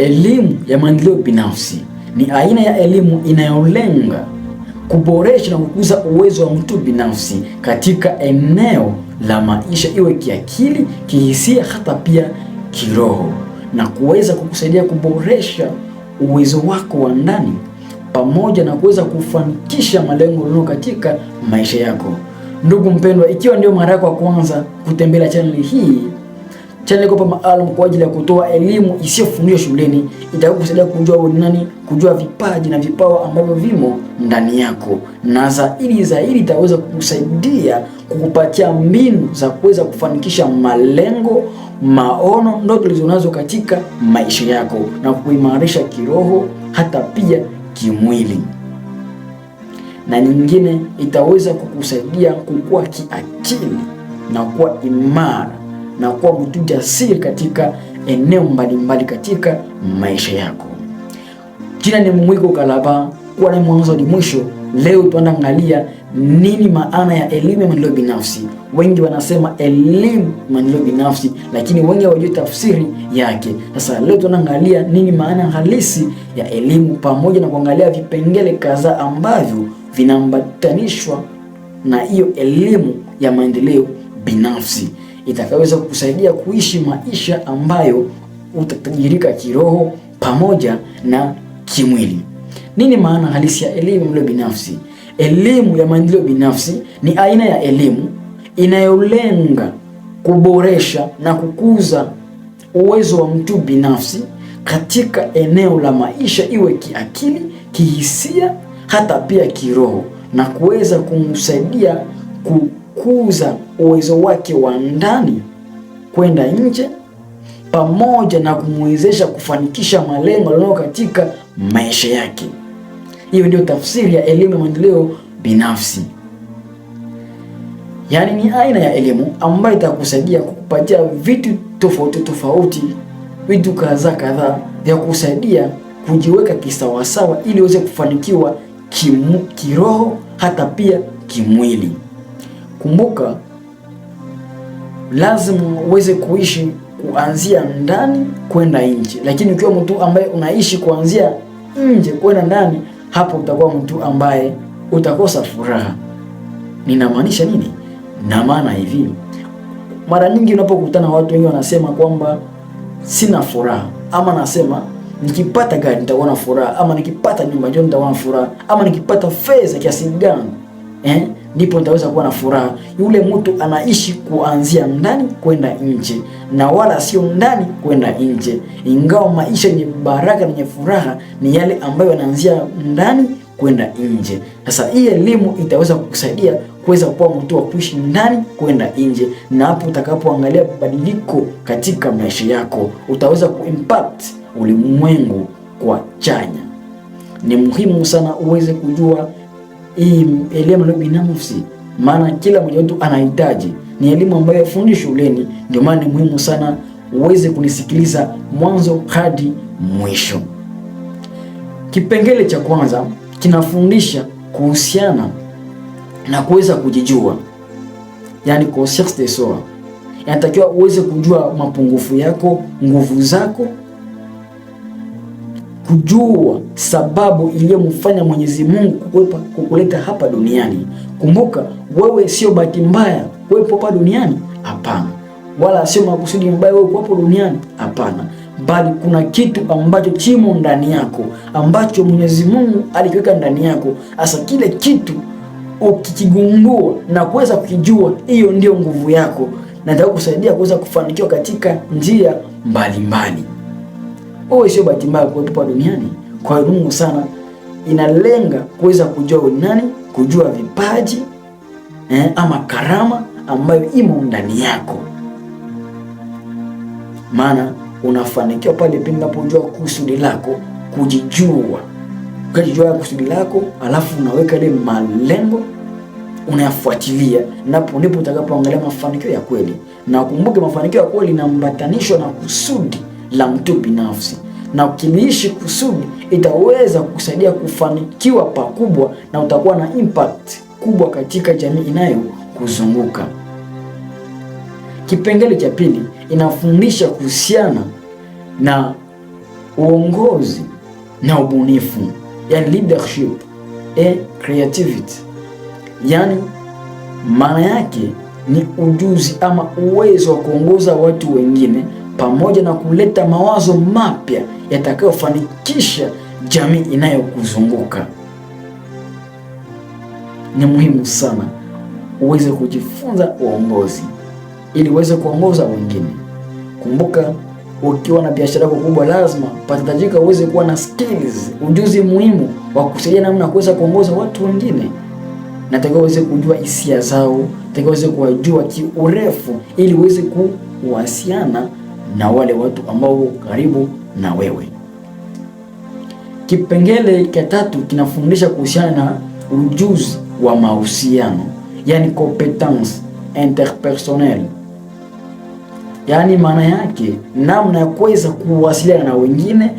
Elimu ya maendeleo binafsi ni aina ya elimu inayolenga kuboresha na kukuza uwezo wa mtu binafsi katika eneo la maisha, iwe kiakili, kihisia, hata pia kiroho, na kuweza kukusaidia kuboresha uwezo wako wa ndani pamoja na kuweza kufanikisha malengo yako katika maisha yako. Ndugu mpendwa, ikiwa ndio mara yako ya kwanza kutembelea chaneli hii Channel iko hapa maalum kwa ajili ya kutoa elimu isiyofundishwa shuleni itakayokusaidia kujua wewe nani, kujua vipaji na vipawa ambavyo vimo ndani yako, na zaidi zaidi itaweza kukusaidia kukupatia mbinu za kuweza kufanikisha malengo, maono, ndoto ulizonazo katika maisha yako na kuimarisha kiroho, hata pia kimwili na nyingine itaweza kukusaidia kukua kiakili na kuwa imara na kuwa mtu jasiri katika eneo mbalimbali katika maisha yako. Jina ni Mwiko Kalaba, kuwa na mwanzo ni mwisho. Leo tunaangalia nini maana ya elimu ya maendeleo binafsi. Wengi wanasema elimu maendeleo binafsi, lakini wengi hawajui tafsiri yake. Sasa leo tunaangalia nini maana halisi ya elimu, pamoja na kuangalia vipengele kadhaa ambavyo vinaambatanishwa na hiyo elimu ya maendeleo binafsi itakayoweza kukusaidia kuishi maisha ambayo utatajirika kiroho pamoja na kimwili. Nini maana halisi ya elimu ya binafsi? Elimu ya maendeleo binafsi ni aina ya elimu inayolenga kuboresha na kukuza uwezo wa mtu binafsi katika eneo la maisha, iwe kiakili, kihisia, hata pia kiroho na kuweza kumsaidia ku kukuza uwezo wake wa ndani kwenda nje pamoja na kumwezesha kufanikisha malengo aliyonayo katika maisha yake. Hiyo ndio tafsiri ya elimu ya maendeleo binafsi. Yaani ni aina ya elimu ambayo itakusaidia kukupatia vitu tofauti tofauti, vitu kadhaa kadhaa vya kusaidia kujiweka kisawasawa, ili uweze kufanikiwa kimu, kiroho hata pia kimwili. Kumbuka, lazima uweze kuishi kuanzia ndani kwenda nje, lakini ukiwa mtu ambaye unaishi kuanzia nje kwenda ndani, hapo utakuwa mtu ambaye utakosa furaha. Ninamaanisha nini? Na maana hivi, mara nyingi unapokutana watu wengi wanasema kwamba sina furaha, ama nasema nikipata gari nitakuwa na furaha, ama nikipata nyumba ndio nitakuwa na furaha, ama nikipata fedha kiasi gani eh ndipo nitaweza kuwa na furaha. Yule mtu anaishi kuanzia ndani kwenda nje na wala sio ndani kwenda nje. Ingawa maisha yenye baraka na yenye furaha ni yale ambayo yanaanzia ndani kwenda nje. Sasa hii elimu itaweza kukusaidia kuweza kuwa mtu wa kuishi ndani kwenda nje, na hapo utakapoangalia mabadiliko katika maisha yako utaweza kuimpact ulimwengu kwa chanya. Ni muhimu sana uweze kujua hii elimu ni binafsi, maana kila mmoja wetu anahitaji. Ni elimu ambayo haifundwi shuleni, ndio maana ni muhimu sana uweze kunisikiliza mwanzo hadi mwisho. Kipengele cha kwanza kinafundisha kuhusiana na kuweza kujijua, yani conscience de soi. Inatakiwa uweze kujua mapungufu yako, nguvu zako kujua sababu iliyomfanya Mwenyezi Mungu kuwepa kukuleta hapa duniani. Kumbuka wewe sio bahati mbaya kuwepo hapa duniani, hapana, wala sio makusudi mabaya wewe kuwepo duniani, hapana, bali kuna kitu ambacho chimo ndani yako ambacho Mwenyezi Mungu alikiweka ndani yako. Hasa kile kitu ukikigundua na kuweza kukijua, hiyo ndio nguvu yako na itakusaidia kuweza kufanikiwa katika njia mbalimbali mbali wewe sio bahati mbaya kuwepo duniani. Kwa Mungu sana inalenga kuweza kujua unani, kujua vipaji eh, ama karama ambayo imo ndani yako, maana unafanikiwa pale unapojua kusudi lako, kujijua ukajijua kusudi lako, alafu unaweka ile malengo unayafuatilia, napo ndipo utakapoangalia mafanikio ya kweli. Na ukumbuke mafanikio ya kweli na kusudi la mtu binafsi, na ukiliishi kusudi itaweza kukusaidia kufanikiwa pakubwa, na utakuwa na impact kubwa katika jamii inayokuzunguka. Kipengele cha pili inafundisha kuhusiana na uongozi na ubunifu, yani leadership and creativity. Yani maana yake ni ujuzi ama uwezo wa kuongoza watu wengine pamoja na kuleta mawazo mapya yatakayofanikisha jamii inayokuzunguka. Ni muhimu sana uweze kujifunza uongozi ili uweze kuongoza wengine. Kumbuka, ukiwa na biashara yako kubwa, lazima patahitajika uweze kuwa na skills, ujuzi muhimu wa kusaidia namna kuweza kuongoza watu wengine. Natakiwa uweze kujua hisia zao, natakiwa uweze kuwajua kiurefu, ili uweze kuwasiana na wale watu ambao karibu na wewe. Kipengele cha tatu kinafundisha kuhusiana na ujuzi wa mahusiano, yani competence interpersonnel, yaani maana yake namna ya kuweza kuwasiliana na wengine,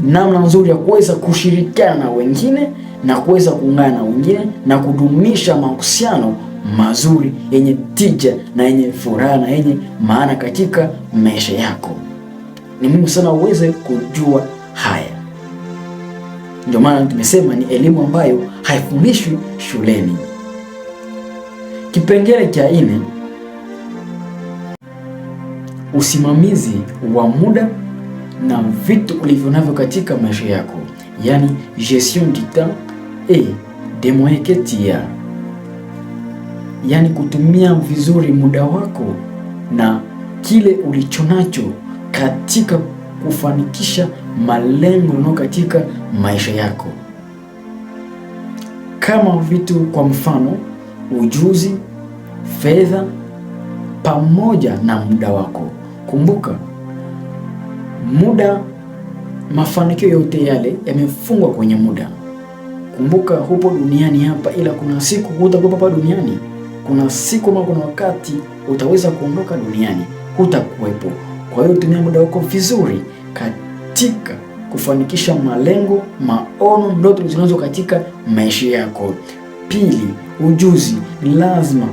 namna nzuri ya kuweza kushirikiana na wengine na kuweza kuungana na wengine na kudumisha mahusiano mazuri yenye tija na yenye furaha na yenye maana katika maisha yako. Ni muhimu sana uweze kujua haya. Ndio maana tumesema ni elimu ambayo haifundishwi shuleni. Kipengele cha nne, usimamizi wa muda na vitu ulivyo navyo katika maisha yako, yaani gestion du temps et des moyens que tu as yaani kutumia vizuri muda wako na kile ulichonacho katika kufanikisha malengo nao katika maisha yako, kama vitu kwa mfano ujuzi, fedha pamoja na muda wako. Kumbuka muda, mafanikio yote yale yamefungwa kwenye muda. Kumbuka hupo duniani hapa, ila kuna siku hutakuwa hapa duniani kuna siku ama kuna wakati utaweza kuondoka duniani, hutakuwepo. Kwa hiyo tumia muda wako vizuri katika kufanikisha malengo, maono, ndoto zinazo katika maisha yako. Pili, ujuzi lazima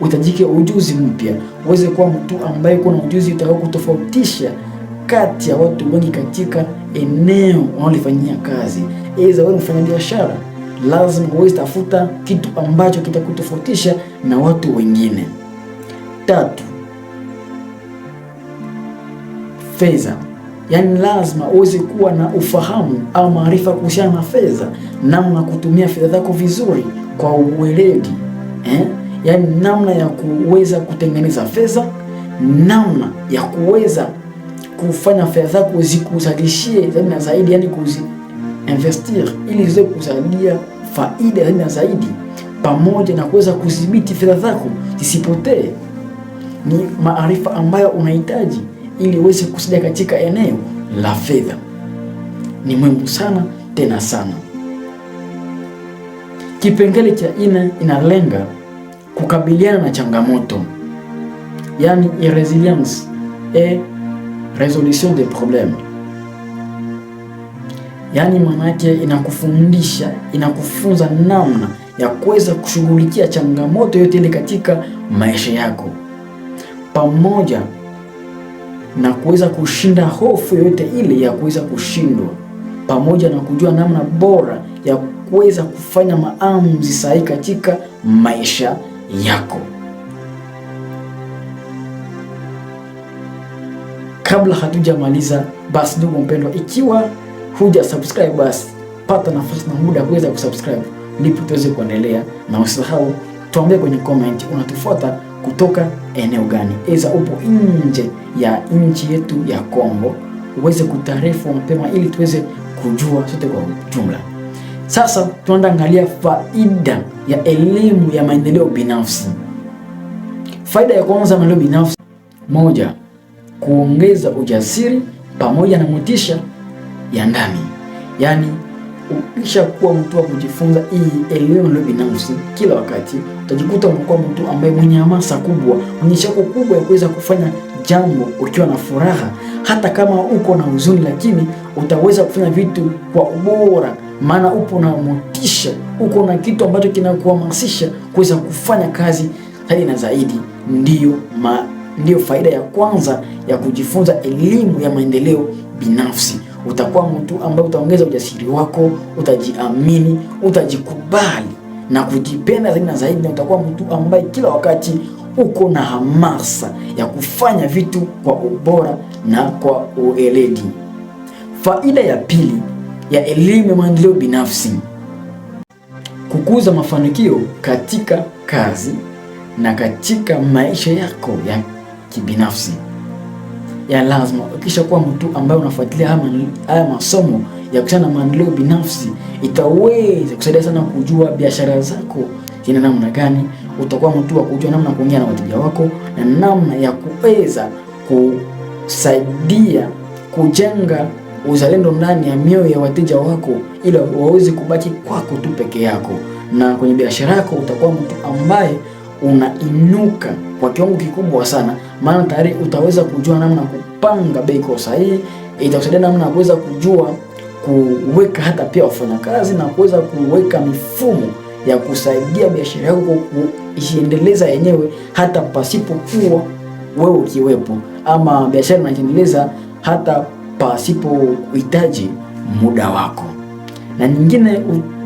uhitajike ujuzi mpya, uweze kuwa mtu ambaye kuna ujuzi utakao kutofautisha kati ya watu wengi katika eneo unalofanyia kazi. Aidha wewe mfanya biashara lazima huwezi tafuta kitu ambacho kitakutofautisha na watu wengine. Tatu, fedha, yaani lazima uweze kuwa na ufahamu au maarifa kuhusiana na fedha, namna kutumia fedha zako vizuri kwa uweledi eh? Yaani namna ya kuweza kutengeneza fedha, namna ya kuweza kufanya fedha zako zikuzalishie zaidi na zaidi, yani kuzi investir ili ziweze kusaidia faida zaidi na zaidi, pamoja na kuweza kudhibiti fedha zako zisipotee. Ni maarifa ambayo unahitaji ili uweze kusaidia katika eneo la fedha. Ni muhimu sana tena sana. Kipengele cha nne inalenga kukabiliana na changamoto, yani resilience et résolution des problèmes. Yaani maana yake inakufundisha, inakufunza namna ya kuweza kushughulikia changamoto yote ile katika maisha yako, pamoja na kuweza kushinda hofu yote ile ya kuweza kushindwa, pamoja na kujua namna bora ya kuweza kufanya maamuzi sahihi katika maisha yako. Kabla hatujamaliza, basi ndugu mpendwa, ikiwa huja subscribe, basi pata nafasi na muda kuweza kusubscribe, ndipo tuweze kuendelea, na usisahau tuambie kwenye comment unatufuata kutoka eneo gani, eza upo nje ya nchi yetu ya Kongo, uweze kutaarifu mapema ili tuweze kujua sote kwa jumla. Sasa tunaenda angalia faida ya elimu ya maendeleo binafsi. Faida ya kwanza maendeleo binafsi, moja, kuongeza ujasiri pamoja na motisha ya ndani, yaani ukishakuwa mtu wa kujifunza hii elimu ndio binafsi, kila wakati utajikuta unakuwa mtu ambaye mwenye hamasa kubwa, mwenye shauku kubwa ya kuweza kufanya jambo ukiwa na furaha, hata kama uko na huzuni, lakini utaweza kufanya vitu kwa ubora, maana upo na motisha, uko na kitu ambacho kinakuhamasisha kuweza kufanya kazi zaidi na zaidi. Ndiyo ma, ndiyo faida ya kwanza ya kujifunza elimu ya maendeleo binafsi utakuwa mtu ambaye utaongeza ujasiri wako, utajiamini, utajikubali na kujipenda zaidi na zaidi, na utakuwa mtu ambaye kila wakati uko na hamasa ya kufanya vitu kwa ubora na kwa ueledi. Faida ya pili ya elimu ya maendeleo binafsi, kukuza mafanikio katika kazi na katika maisha yako ya kibinafsi ya lazima. kuwa mtu ambaye unafuatilia haya masomo ya kuhusiana na maendeleo binafsi, itaweza kusaidia sana kujua biashara zako zina namna gani. Utakuwa mtu wa kujua namna kuongea na wateja wako na namna ya kuweza kusaidia kujenga uzalendo ndani ya mioyo ya wateja wako, ili waweze kubaki kwako tu peke yako. Na kwenye biashara yako utakuwa mtu ambaye unainuka kwa kiwango kikubwa sana, maana tayari utaweza kujua namna kupanga bei kwa usahihi. Itakusaidia namna ya kuweza kujua kuweka hata pia wafanyakazi na kuweza kuweka mifumo ya kusaidia biashara yako kujiendeleza yenyewe hata pasipokuwa wewe ukiwepo, ama biashara inajiendeleza hata pasipohitaji muda wako na nyingine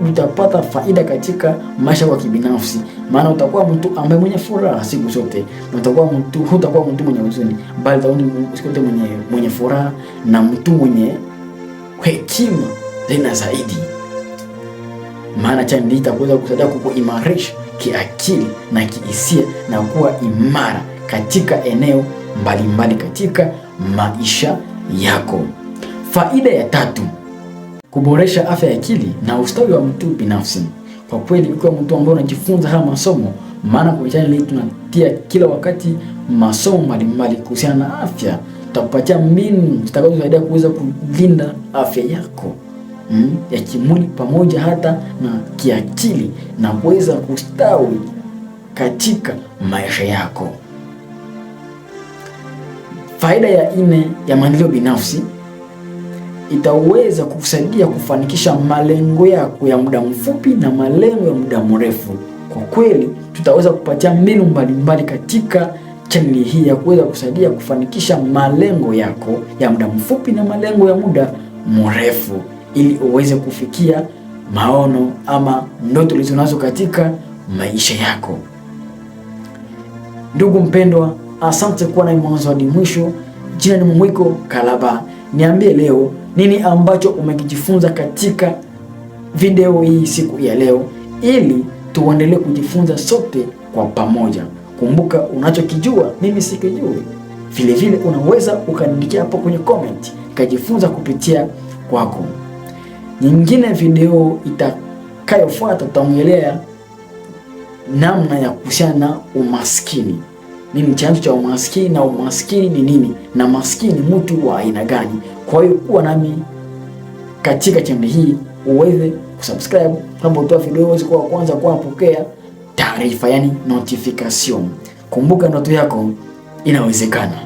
utapata faida katika maisha yako kibinafsi, maana utakuwa mtu ambaye mwenye furaha siku zote, na utakuwa mtu hutakuwa mtu mwenye huzuni, bali utakuwa siku zote mwenye mwenye furaha na mtu mwenye hekima tena zaidi, maana cha ndii itakuweza kusaidia kukuimarisha kiakili na kihisia na kuwa imara katika eneo mbalimbali mbali katika maisha yako. Faida ya tatu kuboresha afya ya akili na ustawi wa mtu binafsi. Kwa kweli ukiwa mtu ambaye unajifunza haya masomo, maana kwa channel hii tunatia kila wakati masomo mbalimbali kuhusiana na afya, tutakupatia mbinu zitakazosaidia kuweza kulinda afya yako mm, ya kimwili pamoja hata na kiakili na kuweza kustawi katika maisha yako. Faida ya nne ya maendeleo binafsi itaweza kusaidia kufanikisha malengo yako ya muda mfupi na malengo ya muda mrefu. Kwa kweli, tutaweza kupatia mbinu mbalimbali katika chaneli hii ya kuweza kusaidia kufanikisha malengo yako ya muda mfupi na malengo ya muda mrefu, ili uweze kufikia maono ama ndoto ulizonazo katika maisha yako. Ndugu mpendwa, asante kuwa na mwanzo hadi mwisho. Jina ni Mwiko Kalaba. Niambie leo nini ambacho umekijifunza katika video hii siku ya leo, ili tuendelee kujifunza sote kwa pamoja. Kumbuka, unachokijua mimi sikijui, vilevile unaweza ukaniandikia hapo kwenye comment, kajifunza kupitia kwako. Nyingine video itakayofuata tutaongelea namna ya kuhusiana na umaskini nini chanzo cha umaskini na umaskini ni nini na maskini ni mtu wa aina gani. Kwa hiyo kuwa nami katika chaneli hii uweze kusubscribe kama utoa video uweze kuwa kwanza kuwapokea taarifa, yani notification. Kumbuka ndoto yako inawezekana.